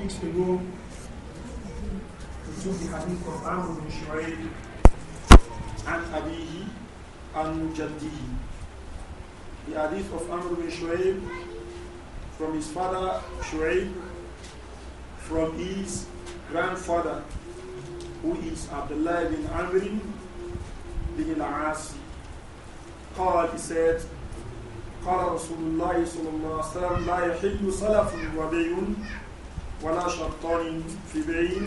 weeks ago, we took the hadith of Amr bin Shu'ayb and Abihi and Mujaddihi. The hadith of Amr bin Shu'ayb from his father Shu'ayb, from his grandfather, who is Abdullah bin Amr bin al-Asi. قال he said قال رسول الله صلى الله عليه وسلم لا يحل سلف وبيع ولا شرطان في بيع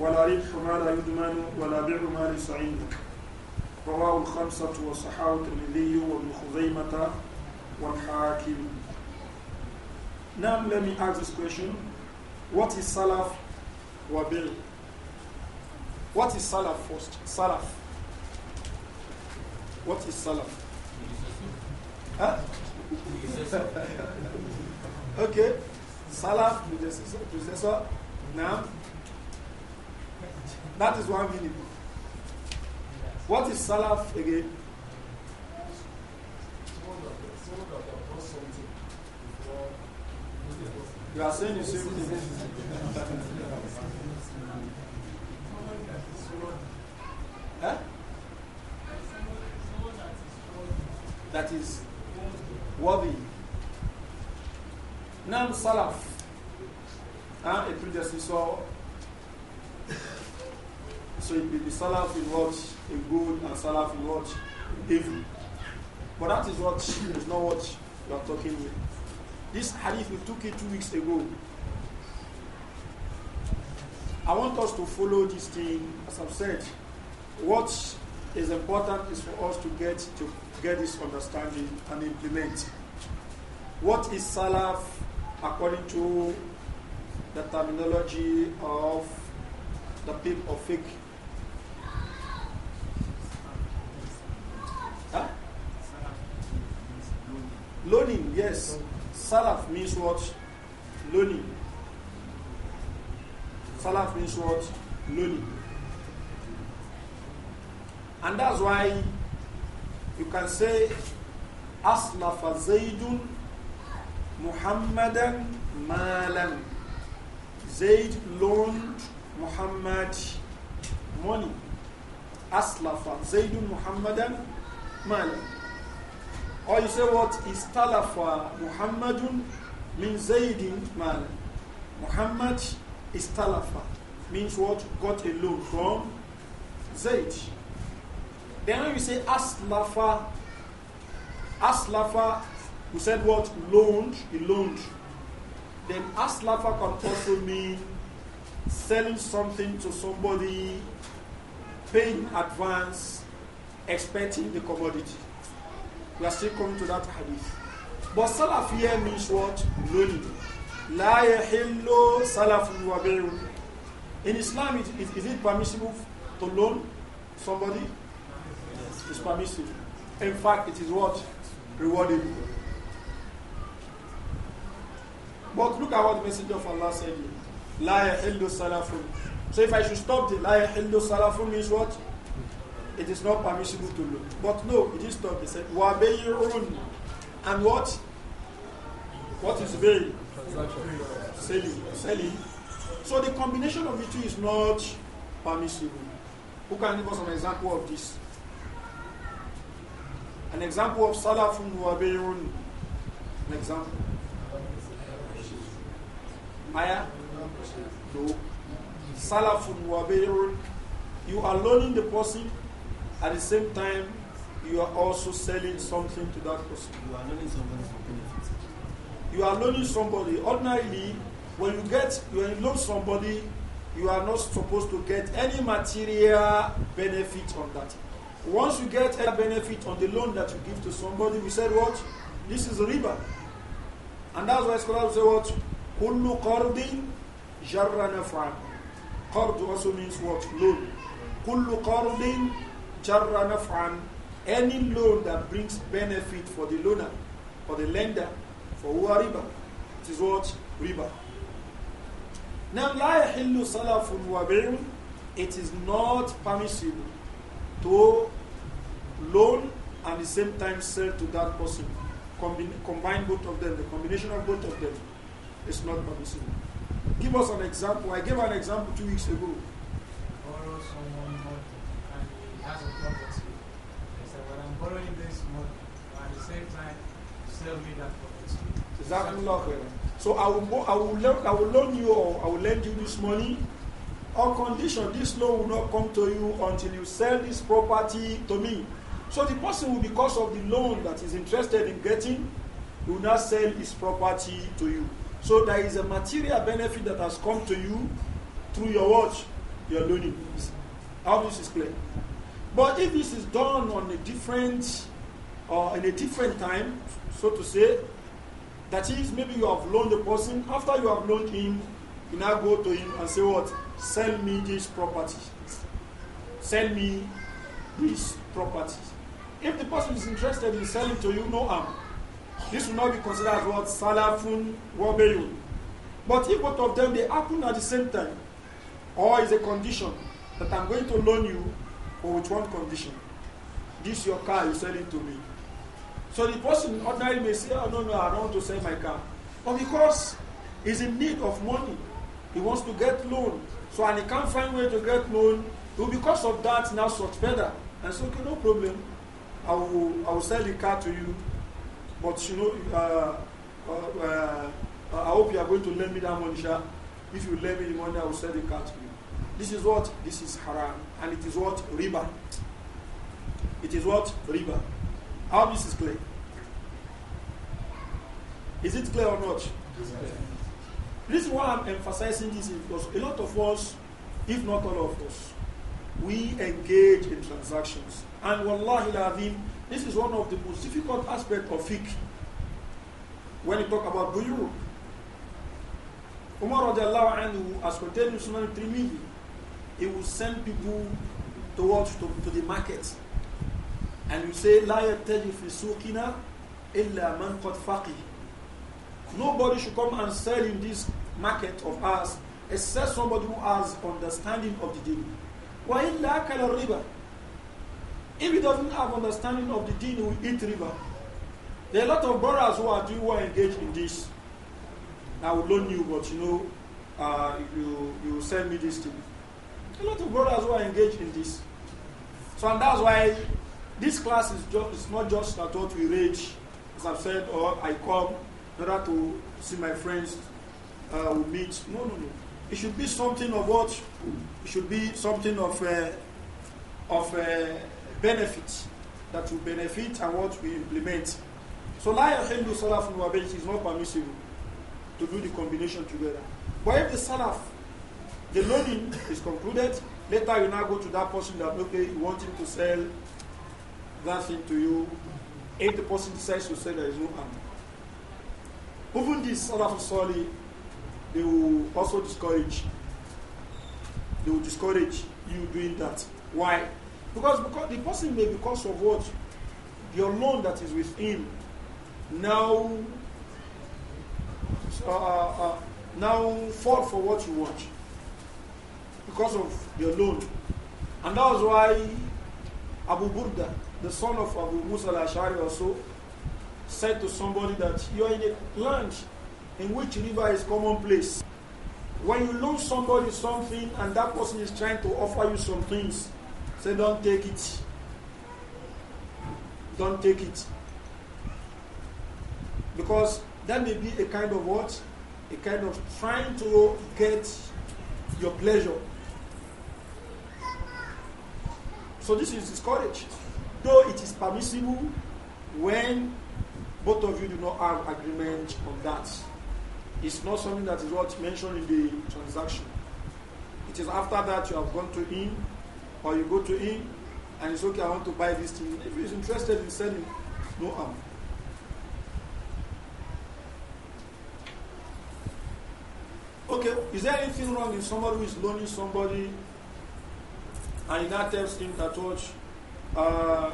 ولا ربح ما لا يضمن ولا بيع ما ليس عندك رواه الخمسة وصحاة الترمذي وابن خزيمة والحاكم Now let me ask this question. What is salaf wa bil? What is salaf first? Salaf. What is salaf? Huh? okay. Salaf predecessor, Nam. That is one meaning. What is Salaf again? You are saying the same thing. That is worthy. Nam Salaf uh, a predecessor. So it will be Salaf in what a good and Salaf in what evil. But that is what is not what you are talking with. This hadith we took it two weeks ago. I want us to follow this thing, as I've said. What is important is for us to get to get this understanding and implement. What is Salaf according to the terminology of the people of fiqh? Learning, yes. Salaf means what? Learning. Salaf means what? Learning. And that's why you can say أصلف زيد Muhammadan Malam Zaid loaned Muhammad money. Aslafa. Zaydun Muhammadan money. Or you say what? Istalafa Muhammadun means Zaidin money. Muhammad istalafa. Means what? Got a loan from Zaid. Then when you say aslafa, aslafa, you said what? Loaned, he loaned then aslafa can also mean selling something to somebody, paying advance, expecting the commodity. We are still coming to that hadith. But salaf here means what? Loaning. La yahillu salafun wa In Islam, is it permissible to loan somebody? It's permissible. In fact, it is what? rewarding. But look at what the Messenger of Allah said here. La yahillu salafun. So if I should stop the la yahillu salafun means what? It is not permissible to look. But no, it is stop. He said, wa bayirun. And what? What is bay? Selling. Selling. So the combination of the two is not permissible. Who can give us an example of this? An example of salafun wa bayirun. An example ayah? No. Salafun wabirun. You are loaning the person at the same time you are also selling something to that person. You are loaning somebody for benefit. You are loaning somebody. Ordinarily, when you get when you loan somebody, you are not supposed to get any material benefit on that. Once you get a benefit on the loan that you give to somebody, we said what? This is a riba. And that's why scholars say what? Kullu qardin jarra naf'an. Qard also means what? Loan. Kullu qardin jarra Any loan that brings benefit for the loaner for the lender for huwa riba. It is what? Riba. Now, لا يحل سلف It is not permissible to loan and the same time sell to that person. Combine, combine both of them, the combination of both of them it's not permissible. Give us an example. I gave an example two weeks ago. Borrow someone money and he has a property. They said, Well, I'm borrowing this money, but at the same time, sell me that property. Exactly. So I will, I will, loan, I will loan you or I will lend you this money on condition this loan will not come to you until you sell this property to me. So the person will, because of the loan that is interested in getting, will not sell his property to you. So there is a material benefit that has come to you through your watch, your learning. How this is clear. But if this is done on a different or uh, in a different time, so to say, that is maybe you have loaned the person, after you have loaned him, you now go to him and say what? Sell me this property. Sell me this property. If the person is interested in selling to you, no harm. This will not be considered as what Salafun Wabeyun. But if both of them they happen at the same time, or is a condition that I'm going to loan you, but with one condition. This your car, you sell it to me. So the person ordinarily may say, Oh no, no, I don't want to sell my car. But because he's in need of money, he wants to get loan. So and he can't find way to get loan, so because of that now better. and so okay, no problem. I will I will sell the car to you but you know, uh, uh, uh, I hope you are going to lend me that money, Sha. If you lend me the money, I will sell the car to you. This is what? This is haram. And it is what? Riba. It is what? Riba. How this is clear? Is it clear or not? This is why I'm emphasizing this because a lot of us, if not all of us, we engage in transactions. And wallahi this is one of the most difficult aspects of fiqh when you talk about buyur. Umar anhu, as contained in Sunan Trimidi, he will send people towards to, to the market. And you say, La yattaji fi suqina illa man qad faqih. Nobody should come and sell in this market of ours except somebody who has understanding of the deal. وَإِلَّا كَلَ riba if he doesn't have understanding of the deen, he will eat river. There are a lot of brothers who are doing who are engaged in this. I will loan you, but you know, uh, you you send me this thing. A lot of brothers who are engaged in this. So and that's why this class is just it's not just that what we reach, as I've said, or I come in order to see my friends uh, we meet. No, no, no. It should be something of what? It should be something of uh, of uh, benefit that will benefit and what we implement. So la yahillu salafun wa bayt is not permissible to do the combination together. But if the salaf, the loading is concluded, later you now go to that person that okay, you want him to sell that thing to you. If the person decides to sell, there is no harm. Even this salaf sorry, they will also discourage. They will discourage you doing that. Why? Because, because the person may, because of what? the loan that is with him, now, uh, uh, uh, now fall for what you want because of the loan. And that was why Abu Burda, the son of Abu Musa al-Ash'ari also, said to somebody that you are in a land in which river is commonplace. When you loan somebody something and that person is trying to offer you some things, Say, don't take it. Don't take it. Because that may be a kind of what? A kind of trying to get your pleasure. So this is discouraged. Though it is permissible when both of you do not have agreement on that. It's not something that is what mentioned in the transaction. It is after that you have gone to him or you go to him and it's okay, I want to buy this thing. If he's interested in selling, no harm. Okay, is there anything wrong if somebody who is loaning somebody and he now tells him that, watch, uh,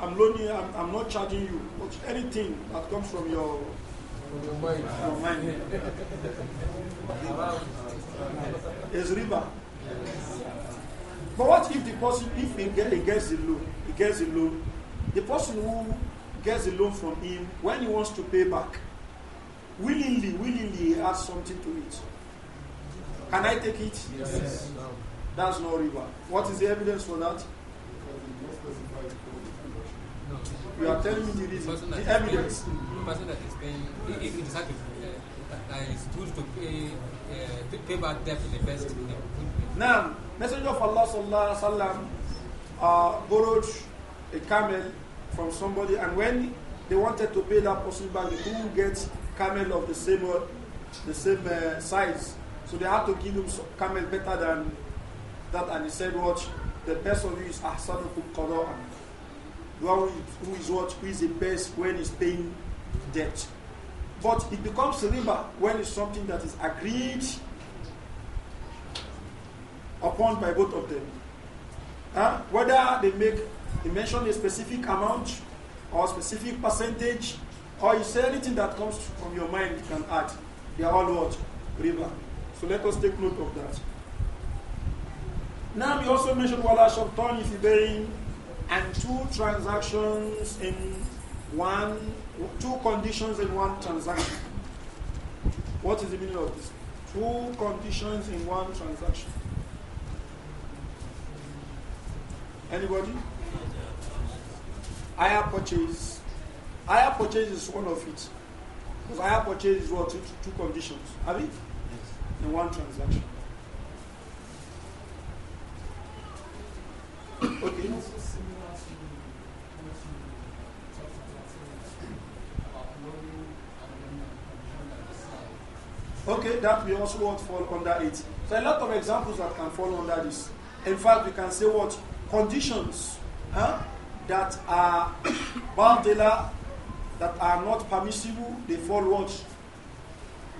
I'm loaning, I'm, I'm, not charging you, but anything that comes from your, from your mind, your mind. is riba. But what if the person, if he, get, gets the loan, he gets the loan, the person who gets the loan from him, when he wants to pay back, willingly, willingly, he adds something to it. Can I take it? Yes. yes. That's no river. What is the evidence for that? You are telling me the reason, the, the evidence. The person that is paying, if he decides to, uh, is supposed to pay, uh, pay back debt in the best. Now, Messenger of Allah sallallahu alaihi wasallam uh, borrowed a camel from somebody, and when they wanted to pay that person back, they couldn't get camel of the same uh, the same uh, size, so they had to give him camel better than that. And he said, "What the person who is ahsanukum qada'an, the one who is what who is the best when he's paying debt." But it becomes riba when it's something that is agreed upon by both of them. Whether they make they mention a specific amount or specific percentage, or you say anything that comes from your mind, you can add. They are all what? Riba. So let us take note of that. Now we also mentioned wala shartan if bearing and two transactions in one, two conditions in one transaction. What is the meaning of this? Two conditions in one transaction. Anybody? Higher purchase. Higher purchase is one of it. Because higher purchase is what? Two, two conditions. Have it? Yes. In one transaction. okay. Okay, that we also won't fall under it. So a lot of examples that can fall under this. In fact, we can say what conditions huh, that are bardila, that are not permissible, they fall what?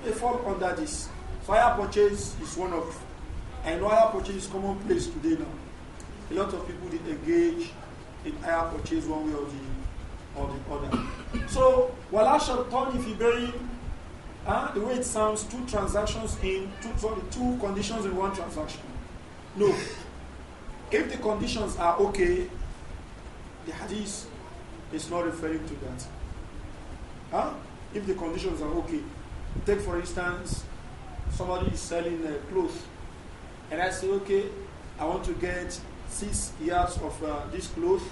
They fall under this. Fire purchase is one of, I know purchase is commonplace today now. A lot of people did engage in fire purchase one way or the, or the other. So, shall turn if you bury, uh, the way it sounds, two transactions in, two, sorry, two conditions in one transaction. No. If the conditions are okay, the hadith is not referring to that. Huh? If the conditions are okay. Take for instance, somebody is selling a clothes, and I say, okay, I want to get six yards of uh, this cloth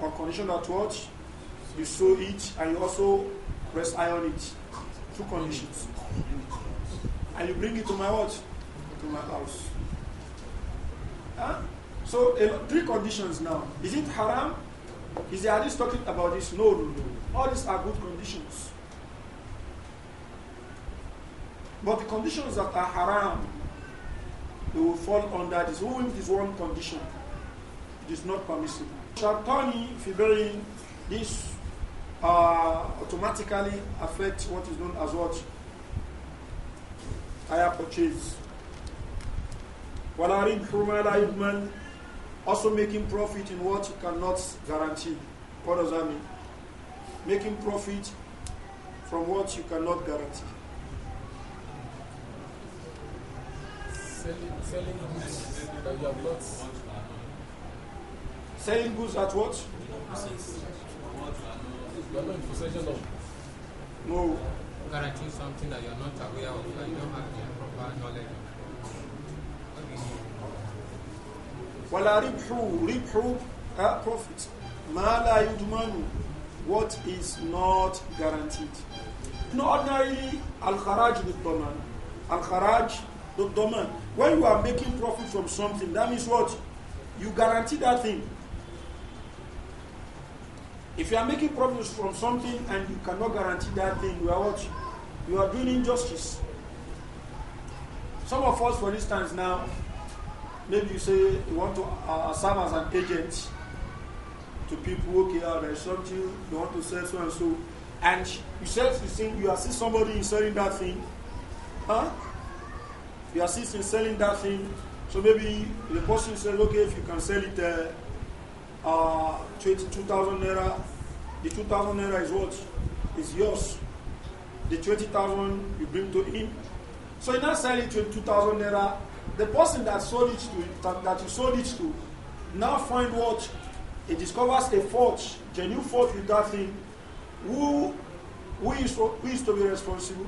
on condition that what? You sew it and you also press iron it. Two conditions. And you bring it to my what? To my house. Huh? So um, three conditions now. Is it haram? Is the hadith talking about this? No, no, no. All these are good conditions. But the conditions that are haram, they will fall under this. Who is this one condition. It is not permissible. Shartani Fiberi, this uh, automatically affects what is known as what? Higher purchase. ولا ربح ما also making profit in what you cannot guarantee. What does that mean? Making profit from what you cannot guarantee. Selling, selling goods that you have not. Selling goods at what? You are not in possession of. No. Guaranteeing something that you are not aware of, that you don't have the proper knowledge of. وَلَا رِبْحُ رِبْحُ profit. مَا لَا يُدْمَنُ What is not guaranteed. You know, ordinarily, al-kharaj bid-daman. When you are making profit from something, that means what? You guarantee that thing. If you are making profits from something and you cannot guarantee that thing, you are what? You are doing injustice. Some of us, for instance, now, Maybe you say you want to uh, serve as an agent to people, okay, uh, there's something you want to sell so and so. And you sell you think you assist somebody in selling that thing. Huh? You assist in selling that thing. So maybe the person says, okay, if you can sell it uh, uh, 22,000 naira, the 2,000 naira is what? Is yours. The 20,000 you bring to him. So you now sell it 22,000 naira the person that sold it to that you sold it to now find what he discovers a fault, genuine fault with that thing. Who who is to, who is to be responsible?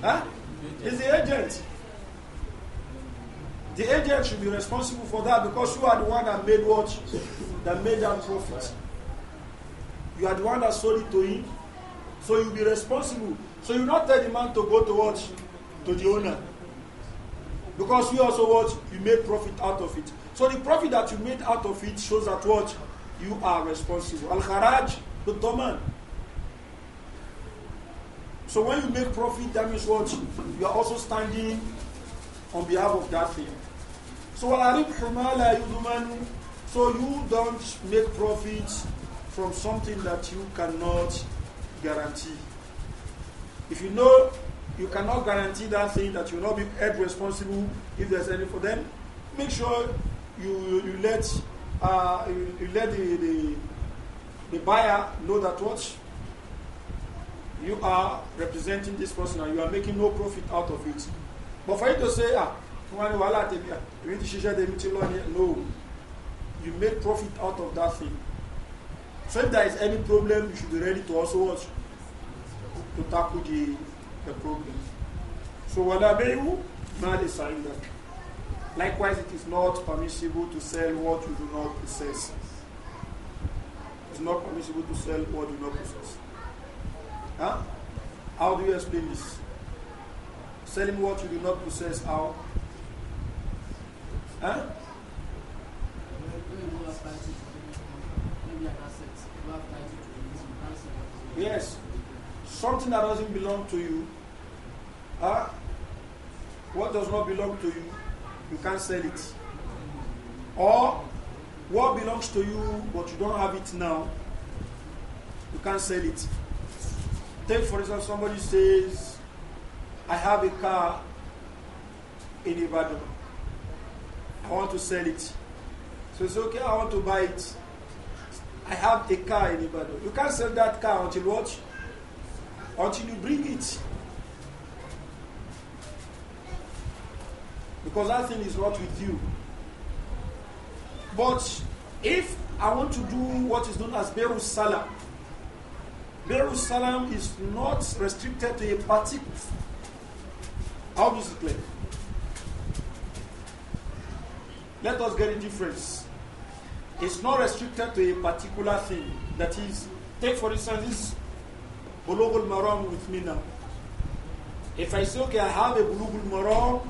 Huh? Is the agent. The agent should be responsible for that because you are the one that made what that made that profit. You are the one that sold it to him. So you'll be responsible. So you not tell the man to go to To the owner. Because you also what? You made profit out of it. So the profit that you made out of it shows that what? You are responsible. Al-Kharaj, the domain. So when you make profit, that means what? You are also standing on behalf of that thing. So so you don't make profit from something that you cannot guarantee. If you know you cannot guarantee that thing that you will not be held responsible if there's any for them. Make sure you you, you let uh, you, you, let the, the the buyer know that what you are representing this person and you are making no profit out of it. But for you to say, ah, ah no, you make profit out of that thing. So if there is any problem, you should be ready to also watch, to tackle the the problem. So wala you mal is Likewise, it is not permissible to sell what you do not possess. It's not permissible to sell what you do not possess. Huh? How do you explain this? Selling what you do not possess, how? Huh? Yes something that doesn't belong to you, huh? what does not belong to you, you can't sell it. Or what belongs to you but you don't have it now, you can't sell it. Take for example, somebody says, I have a car in Ibadan. I want to sell it. So it's okay, I want to buy it. I have a car in Ibadan. You can't sell that car until what? until you bring it. Because that thing is not with you. But if I want to do what is known as Beirut Salam, Beirut Salam is not restricted to a particular. How does it play? Let us get a difference. It's not restricted to a particular thing. That is, take for instance, this Bulugul Maram with me now. If I say, okay, I have a Bulugul Maram,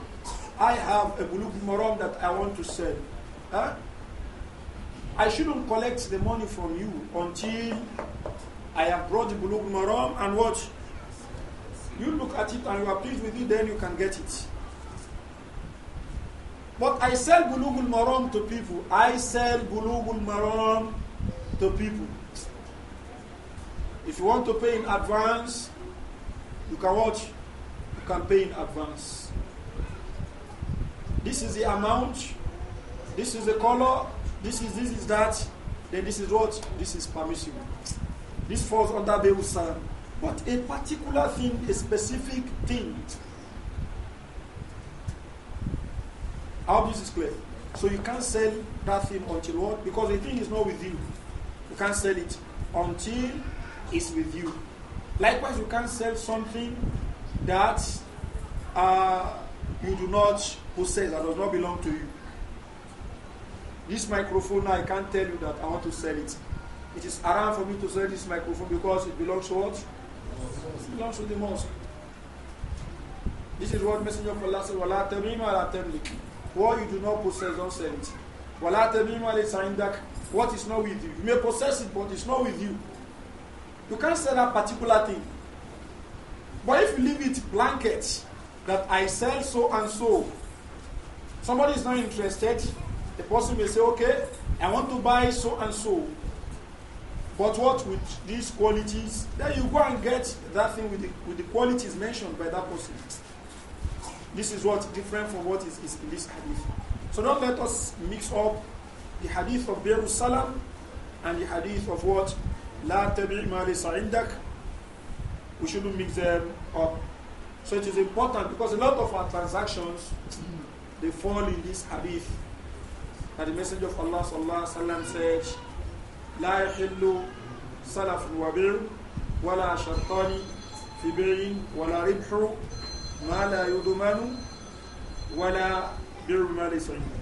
I have a Bulugul Maram that I want to sell. Huh? I shouldn't collect the money from you until I have brought the Bulugul Maram and what? You look at it and you are pleased with it, then you can get it. But I sell Bulugul Maram to people. I sell Bulugul Maram to people. If you want to pay in advance, you can watch, you can pay in advance. This is the amount, this is the color, this is this is that, then this is what? This is permissible. This falls under Beusan. But a particular thing, a specific thing. How this is clear. So you can't sell that thing until what? Because the thing is not with you. You can't sell it until is with you. Likewise, you can't sell something that uh, you do not possess, that does not belong to you. This microphone now, I can't tell you that I want to sell it. It is around for me to sell this microphone because it belongs to what? It belongs to the mosque. This is what Messenger of Allah said, Wala What you do not possess, don't sell it. Wala tamima ala What is not with you? You may possess it, but it's not with you. You can't sell that particular thing. But if you leave it blanket that I sell so and so, somebody is not interested, the person may say, okay, I want to buy so and so. But what with these qualities? Then you go and get that thing with the, with the qualities mentioned by that person. This is what's different from what is, is in this hadith. So don't let us mix up the hadith of Beirut Salam and the hadith of what لا تبع ما ليس عندك we shouldn't mix them up so it is important because a lot of our transactions they fall in this hadith that the messenger of Allah sallallahu alaihi wasallam said لا يحل سلف وبيع ولا شرطان في بيع ولا ربح ما لا يضمن ولا بيع ما ليس عندك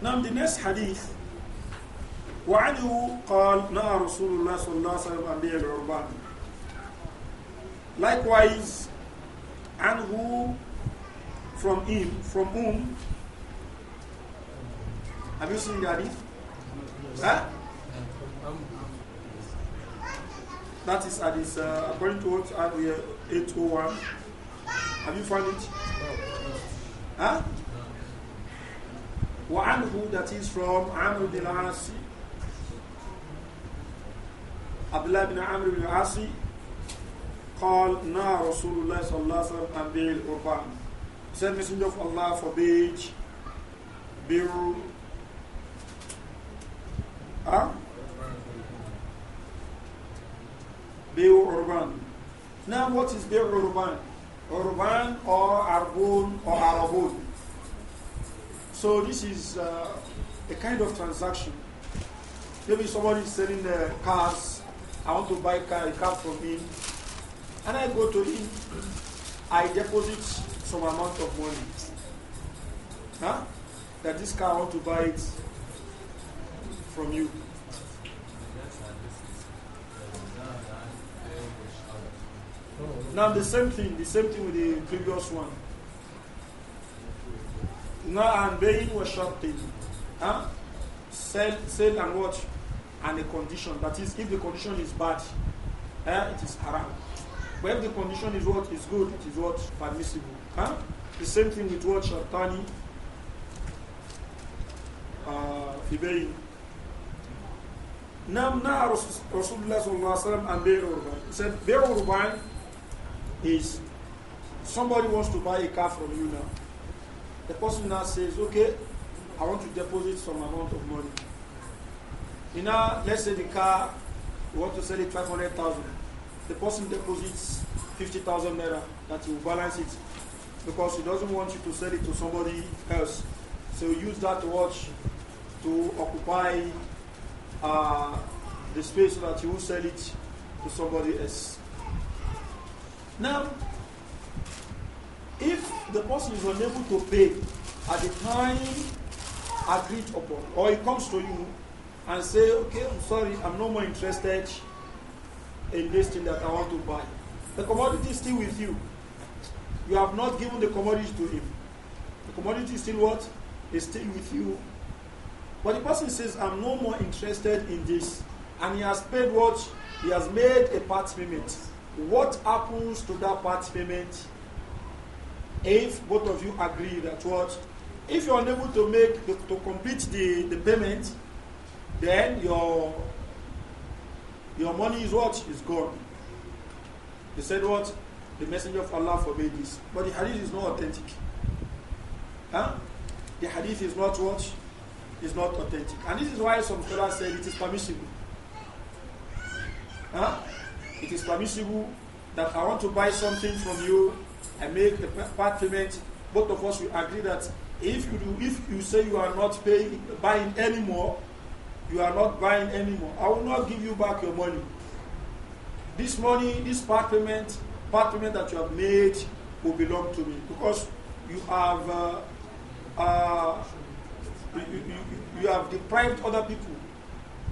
Now the next hadith وعنه قال نهى رسول الله صلى الله عليه وسلم عن بيع العربان Likewise, and who from him, from whom? Have you seen the hadith? Huh? That is hadith, uh, according to what I have 801. Have you found it? Huh? وعنه that is from Amr bin Asi. Abdullah bin Amr bin Asi قال نا رسول الله صلى الله عليه وسلم عن بيع القربان. Said Messenger of Allah forbade beer huh? Beer urban. Now what is beer urban? Urban or arbon or arabon? So this is uh, a kind of transaction. Maybe somebody is selling uh, cars. I want to buy a car, a car from him. And I go to him. I deposit some amount of money. Huh? That this car I want to buy it from you. Now the same thing, the same thing with the previous one. Now I'm buying was thing, Huh? Sell, sell and what? And the condition. That is, if the condition is bad, eh, it is haram. But if the condition is what is good, it is what permissible. Huh? The same thing with what Shartani uh, Ibein. Nam na Rasulullah sallallahu alaihi wasallam and Beir Urban. He said, Beir Urban is somebody wants to buy a car from you now. The person now says, okay, I want to deposit some amount of money. You know, let's say the car, you want to sell it 500,000. The person deposits 50,000 naira that you balance it because he doesn't want you to sell it to somebody else. So use that watch to occupy uh, the space so that you will sell it to somebody else. Now, if the person is unable to pay at the time agreed upon, or he comes to you and say, okay, I'm sorry, I'm no more interested in this thing that I want to buy. The commodity is still with you. You have not given the commodity to him. The commodity is still what? Is still with you. But the person says, I'm no more interested in this. And he has paid what? He has made a part payment. What happens to that part payment? if both of you agree that what if you're unable to make the, to complete the, the payment then your your money is what is gone they said what the messenger of allah forbade this but the hadith is not authentic huh? the hadith is not what is not authentic and this is why some scholars said it is permissible huh? it is permissible that i want to buy something from you I make the part payment, both of us will agree that if you do, if you say you are not paying buying anymore, you are not buying anymore. I will not give you back your money. This money, this part payment, part payment that you have made will belong to me because you have uh, uh, you, you, you have deprived other people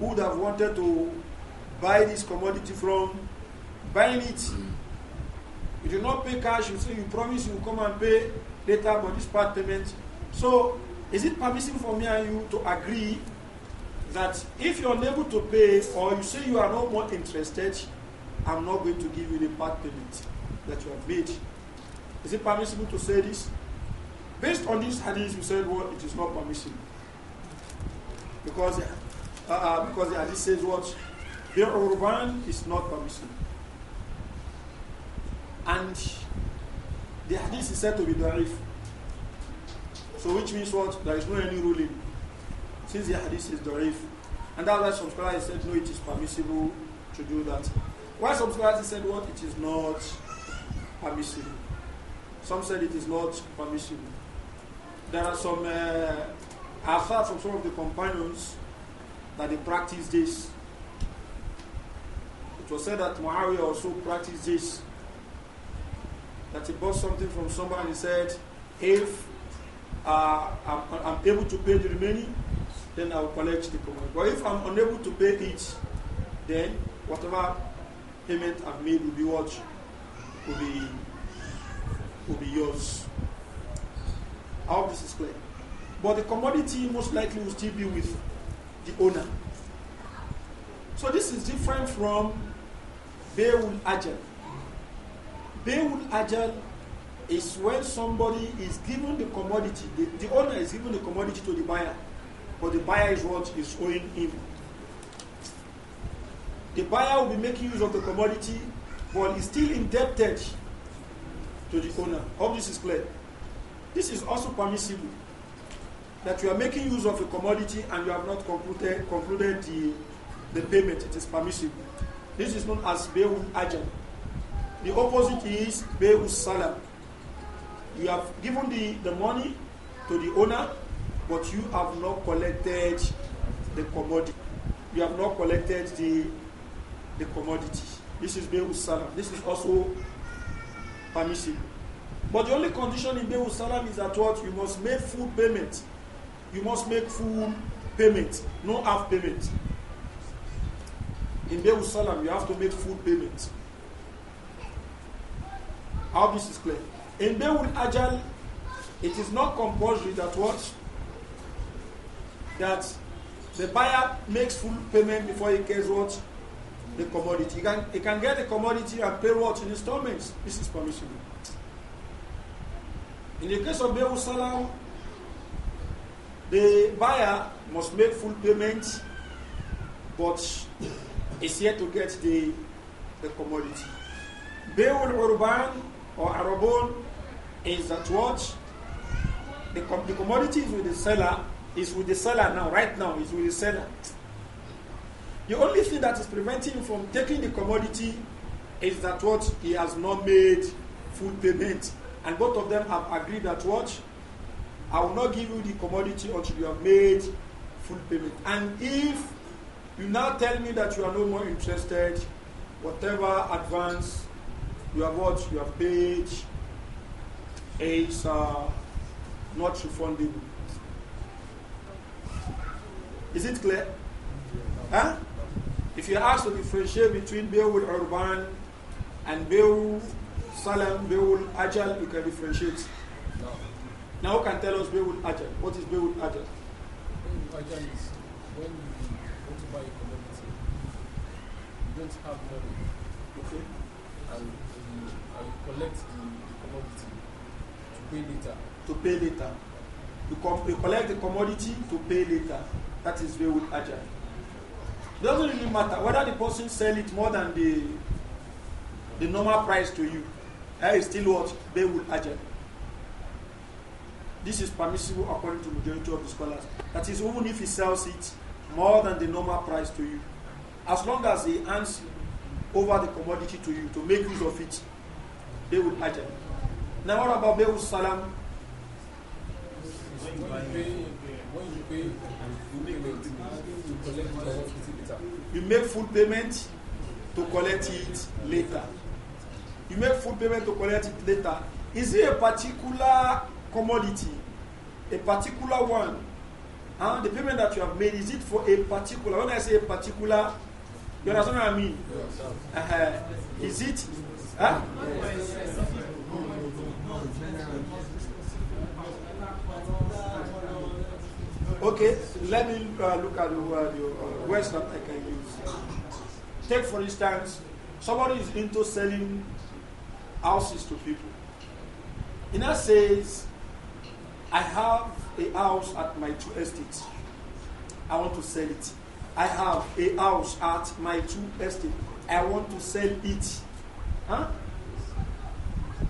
who would have wanted to buy this commodity from buying it you do not pay cash, you say you promise you will come and pay later, but this part payment. So, is it permissible for me and you to agree that if you're unable to pay or you say you are no more interested, I'm not going to give you the part payment that you have made? Is it permissible to say this? Based on this hadith, you said, well, it is not permissible. Because, uh, uh, because the hadith says what? the urban is not permissible. And the hadith is said to be da'if. So which means what? There is no any ruling. Since the hadith is da'if. And that's why some scholars said no, it is permissible to do that. Why some scholars said what? It is not permissible. Some said it is not permissible. There are some uh, afar from some of the companions that they practice this. It was said that Muawiyah also practiced this that he bought something from someone and he said, if uh, I'm, I'm, able to pay the remaining, then I'll collect the commodity. But if I'm unable to pay it, then whatever payment I've made will be what? Will be, will be yours. I hope this is clear. But the commodity most likely will still be with the owner. So this is different from Beul Agent bayul ajal is when somebody is given the commodity, the, the owner is giving the commodity to the buyer, but the buyer is what is owing him. The buyer will be making use of the commodity, but is still indebted to the owner. Hope this is clear. This is also permissible that you are making use of a commodity and you have not concluded, concluded the, the payment. It is permissible. This is known as Beul Ajal. The opposite is Be'us Salam. You have given the, the money to the owner, but you have not collected the commodity. You have not collected the, the commodity. This is Be'us Salam. This is also permissible. But the only condition in Be'us Salam is that what? You must make full payment. You must make full payment, no half payment. In Be'us Salam, you have to make full payment. How this is clear. In Bewul Ajal, it is not compulsory that what? That the buyer makes full payment before he gets what? The commodity. He can, he can get the commodity and pay what in installments. This is permissible. In the case of Bewul Salam, the buyer must make full payment, but is yet to get the, the commodity. Bewul Urban or arabon is that what the, com the commodity is with the seller is with the seller now right now is with the seller the only thing that is preventing him from taking the commodity is that what he has not made full payment and both of them have agreed that what i will not give you the commodity until you have made full payment and if you now tell me that you are no more interested whatever advance you have what? You have paid. It's uh, not refundable. Is it clear? Huh? If you ask to differentiate between Beowul Urban and Beowul Salem, Beowul Agile, you can differentiate. No. Now, who can tell us Beowul Agile? What is Beowul Agile? Beowul Agile is when you want to buy a commodity, you don't have money. Okay. And collect the, commodity to pay later. To pay later. You, com- you collect the commodity to pay later. That is very good agile. It doesn't really matter whether the person sell it more than the the normal price to you. That is still what they would agile. This is permissible according to majority of the scholars. That is, even if he sells it more than the normal price to you, as long as he hands over the commodity to you to make use of it, Ajam. Now, what about Bayul Salam? You make full payment to collect it later. You make full payment to collect it later. Is it a particular commodity, a particular one? And the payment that you have made, is it for a particular, when I say a particular you understand what I mean? Uh, is it? Huh? Okay, let me uh, look at the, uh, words that I can use. Take, for instance, somebody is into selling houses to people. He now says, I have a house at my two estates. I want to sell it. I have a house at my two estate. I want to sell it. Huh?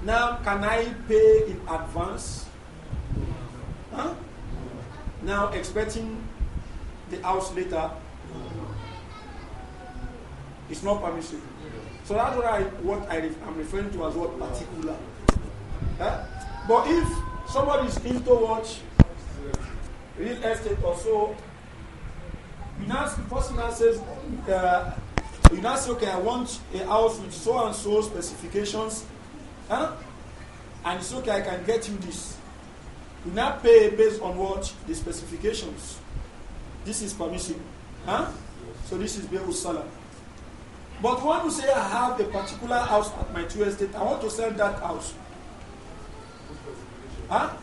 Now, can I pay in advance? Huh? Now, expecting the house later, it's not permissible. So that's what, I, what I, am referring to as what particular. Huh? But if somebody is into watch real estate or so, you now, the person now says, uh, you now say, okay, I want a house with so and so specifications. Huh? And it's okay, I can get you this. You now pay based on what? The specifications. This is permissible. Huh? So this is Beirut Salah. But one who say I have a particular house at my two estate, I want to sell that house. Huh?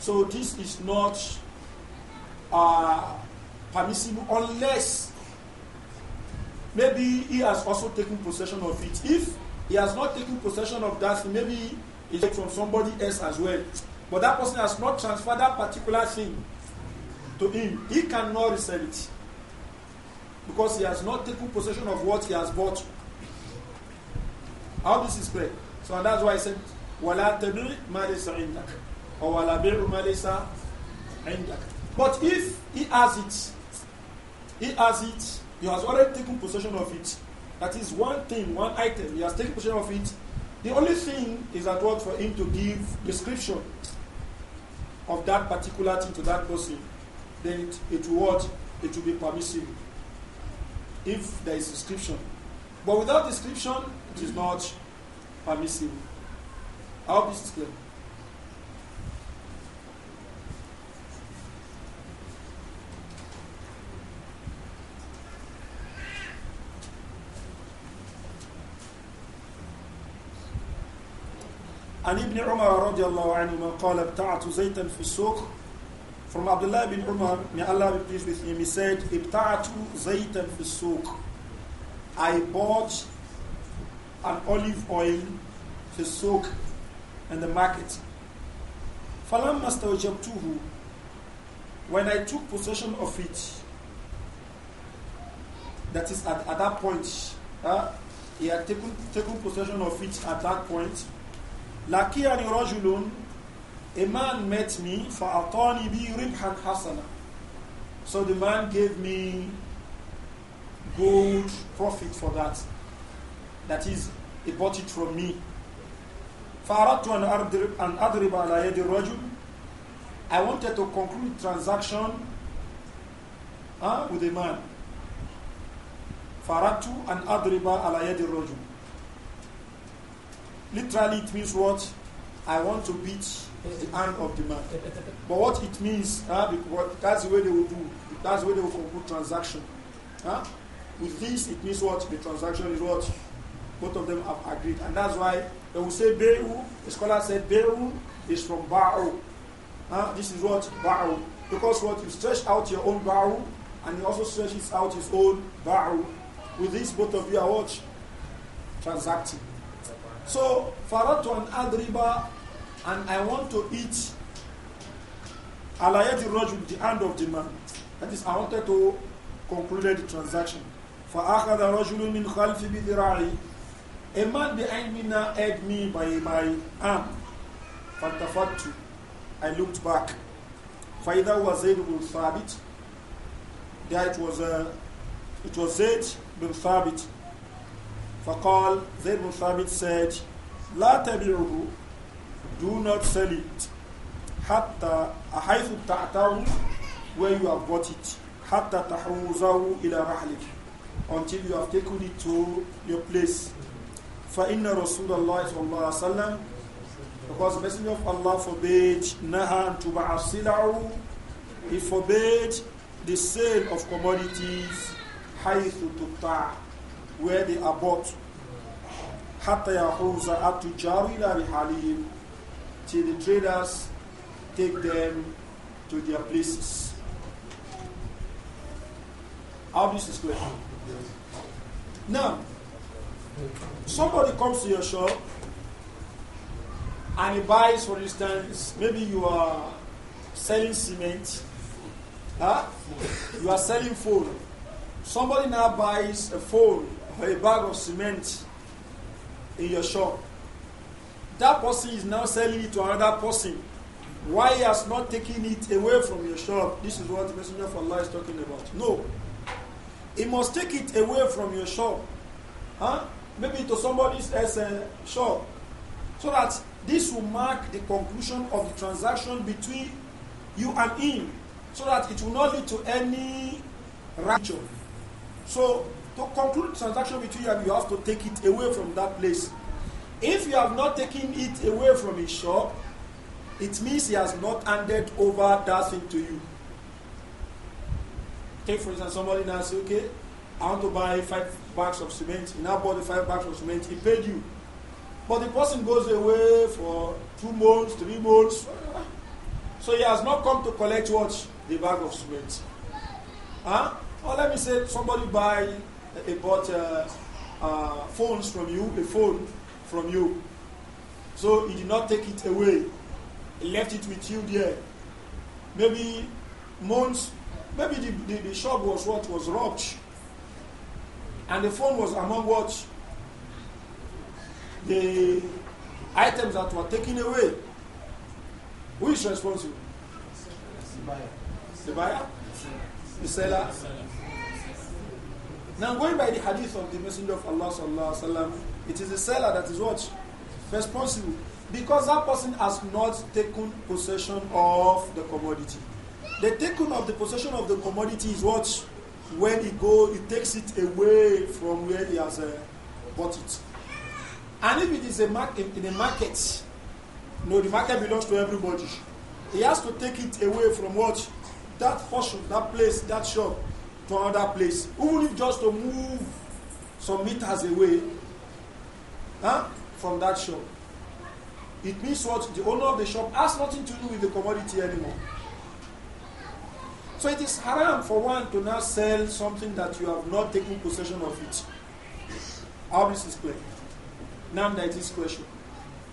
So this is not uh, permissible unless maybe he has also taken possession of it. If he has not taken possession of that, maybe it's from somebody else as well. But that person has not transferred that particular thing to him. He cannot resell it because he has not taken possession of what he has bought. How this is clear. So that's why I said, "Wala تَبِعْ مَالِسَ عِنْدَكَ Or wala بِعْ مَالِسَ indak." But if he has it, he has it. He has already taken possession of it. That is one thing, one item. He has taken possession of it. The only thing is that what for him to give description of that particular thing to that person, then it, it will what? It will be permissible. If there is description. But without description, it is not permissible. I hope this is clear. عن ابن عمر رضي الله عنهما قال ابتعت زيتا في السوق From Abdullah Umar, may Allah be pleased with him, he said, ابتعت زيتا في السوق I bought an olive oil في السوق in the market. فلما استوجبته When I took possession of it, that is at, at that point, uh, he had taken, taken possession of it at that point, lakiyani rajulun a man met me for atani bi ribhan hasana so the man gave me gold profit for that that is he bought it from me fa aradtu an adrib an adrib rajul i wanted to conclude transaction uh, with a man fa aradtu an adrib ala rajul literally it means what? I want to beat the hand of the man. But what it means, uh, because that's the way they will do, that's the way they will conclude transaction. With this, it means what? The transaction is what? Both of them have agreed. And that's why they will say Be'u, the scholar said beru is from Ba'u. This is what? Ba'u. Because what? You stretch out your own Ba'u and he also stretches out his own Ba'u. With this, both of you are what? Transacting. So, to an adriba, and I want to eat alayati with the hand of the man. That is, I wanted to conclude the transaction. فأخذ رجل من خلفي بذراعي A man behind me now held me by my arm. فالتفت I looked back. فإذا هو زيد بن ثابت There it was, uh, it was Zaid bin Thabit فقال Zayd bin Thabit said لا تبيعه do not sell it حتى حيث تعتاه where you have bought it حتى تحوزه إلى رحلك until you have taken it to your place فإن رسول الله صلى الله عليه وسلم because the messenger of Allah forbade نهى أن تباع السلع he forbade the sale of commodities حيث تبتاع where they abort. حتى يحوز التجار إلى رحالهم till the traders take them to their places. How this is Now, somebody comes to your shop and he buys, for instance, maybe you are selling cement, huh? you are selling phone. Somebody now buys a phone or a bag of cement in your shop. That person is now selling it to another person. Why he has not taken it away from your shop? This is what the Messenger of Allah is talking about. No. He must take it away from your shop. Huh? Maybe to somebody's else, uh, shop. So that this will mark the conclusion of the transaction between you and him. So that it will not lead to any rapture. So to conclude transaction between you and you have to take it away from that place. If you have not taken it away from his shop, it means he has not handed over that thing to you. Take for instance, somebody now say, okay, I want to buy five bags of cement. He now bought the five bags of cement, he paid you. But the person goes away for two months, three months. So he has not come to collect what? The bag of cement. Huh? Or let me say somebody buy he bought uh, uh, phones from you, a phone from you. So he did not take it away. He left it with you there. Maybe months, maybe the, the, the shop was what was robbed. And the phone was among what? The items that were taken away. Who is responsible? The buyer. The buyer? The seller? The seller now going by the hadith of the Messenger of Allah sallallahu alaihi wasallam, it is the seller that is what responsible because that person has not taken possession of the commodity. The taking of the possession of the commodity is what when he go he takes it away from where he has uh, bought it. And if it is a market in a market, you no, know, the market belongs to everybody. He has to take it away from what that portion, that place, that shop to another place, even if just to move some meters away huh, from that shop. It means what the owner of the shop has nothing to do with the commodity anymore. So it is haram for one to now sell something that you have not taken possession of it. All this is clear. Now that is question.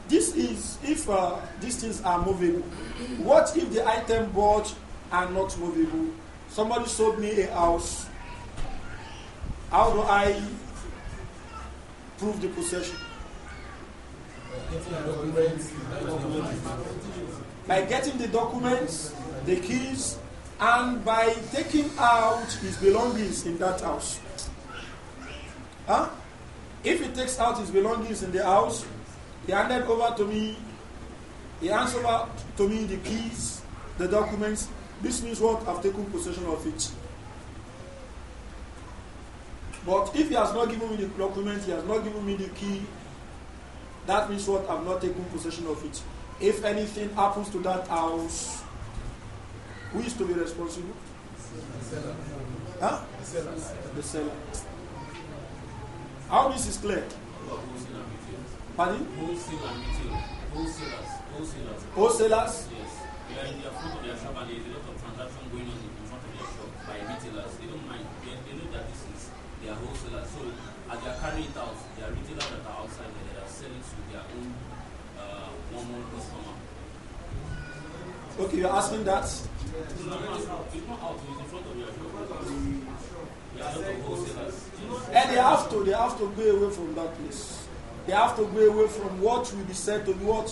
This is if uh, these things are movable. What if the item bought are not movable? Somebody sold me a house. How do I prove the possession? By getting the documents, the keys, and by taking out his belongings in that house. Huh? If he takes out his belongings in the house, he handed over to me, he hands over to me the keys, the documents, this means what? I've taken possession of it. But if he has not given me the document, he has not given me the key, that means what? I've not taken possession of it. If anything happens to that house, who is to be responsible? The seller. Huh? The seller. The seller. How this is clear? Pardon? Wholesalers. Wholesalers. Wholesalers. Wholesalers? Yes. They are, they are full of their shop and there is a lot of transaction going on in front of their shop by retailers. They don't mind. They, they know that this is their wholesalers. So as they are carrying it out, there are retailers that are outside there that are selling to their own uh, normal customer. Okay, you're asking that? Yes. not out, it's not out, it's in front of your shop. And eh, they have to they have to go away from that place. They have to go away from what will be said to what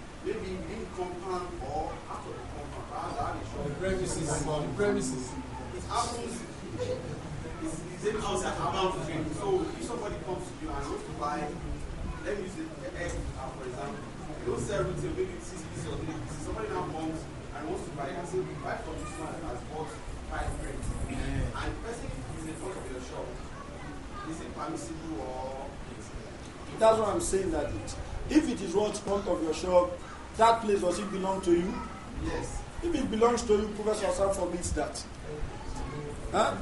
Maybe we did compound or after the compound. That is sure. The premises. The premises. It happens. It's the same house that happens to So if somebody comes to you and wants to buy, let me use the egg for example. You don't sell retail, maybe it's pieces or Somebody now comes and wants to buy, and say, we buy from this one has bought five prints. And the person is in front of your shop. Is it permissible or? That's what I'm saying. That it, if it is what's front of your shop, that place does it belong to you? Yes. If it belongs to you, prove yourself forbids that. Huh?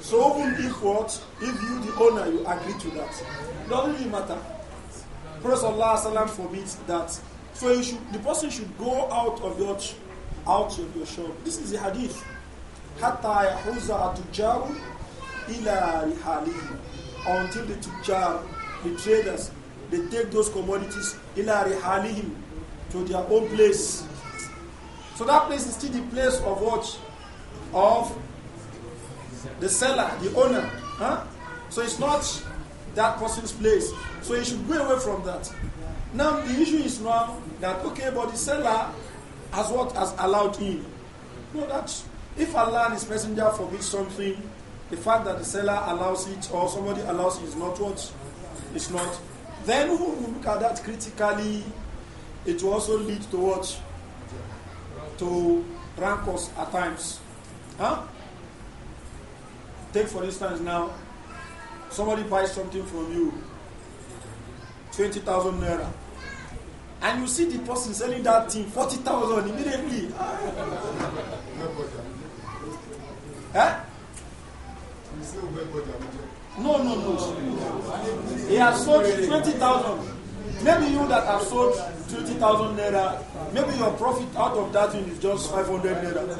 So even if what, if you the owner, you agree to that. Doesn't really matter. Prophet Allah forbids that. So should, the person should go out of your out of your shop. This is the hadith. Hatta yahuza atujaru ila rihalihi. Until the tujar, the traders, they take those commodities ila rihalihim to their own place. So that place is still the place of what? Of the seller, the owner. Huh? So it's not that person's place. So you should go away from that. Now the issue is now that okay, but the seller has what has allowed him. No, that if Allah and His Messenger forbids something, the fact that the seller allows it or somebody allows it is not what is not. Then who will look at that critically it will also lead to what? To rancors at times. Huh? Take for instance now, somebody buys something from you, 20,000 naira. And you see the person selling that thing, 40,000 immediately. huh? Eh? No, no, no. He has sold 20,000. Maybe you that have sold 20,000 naira, maybe your profit out of that thing is just 500 naira.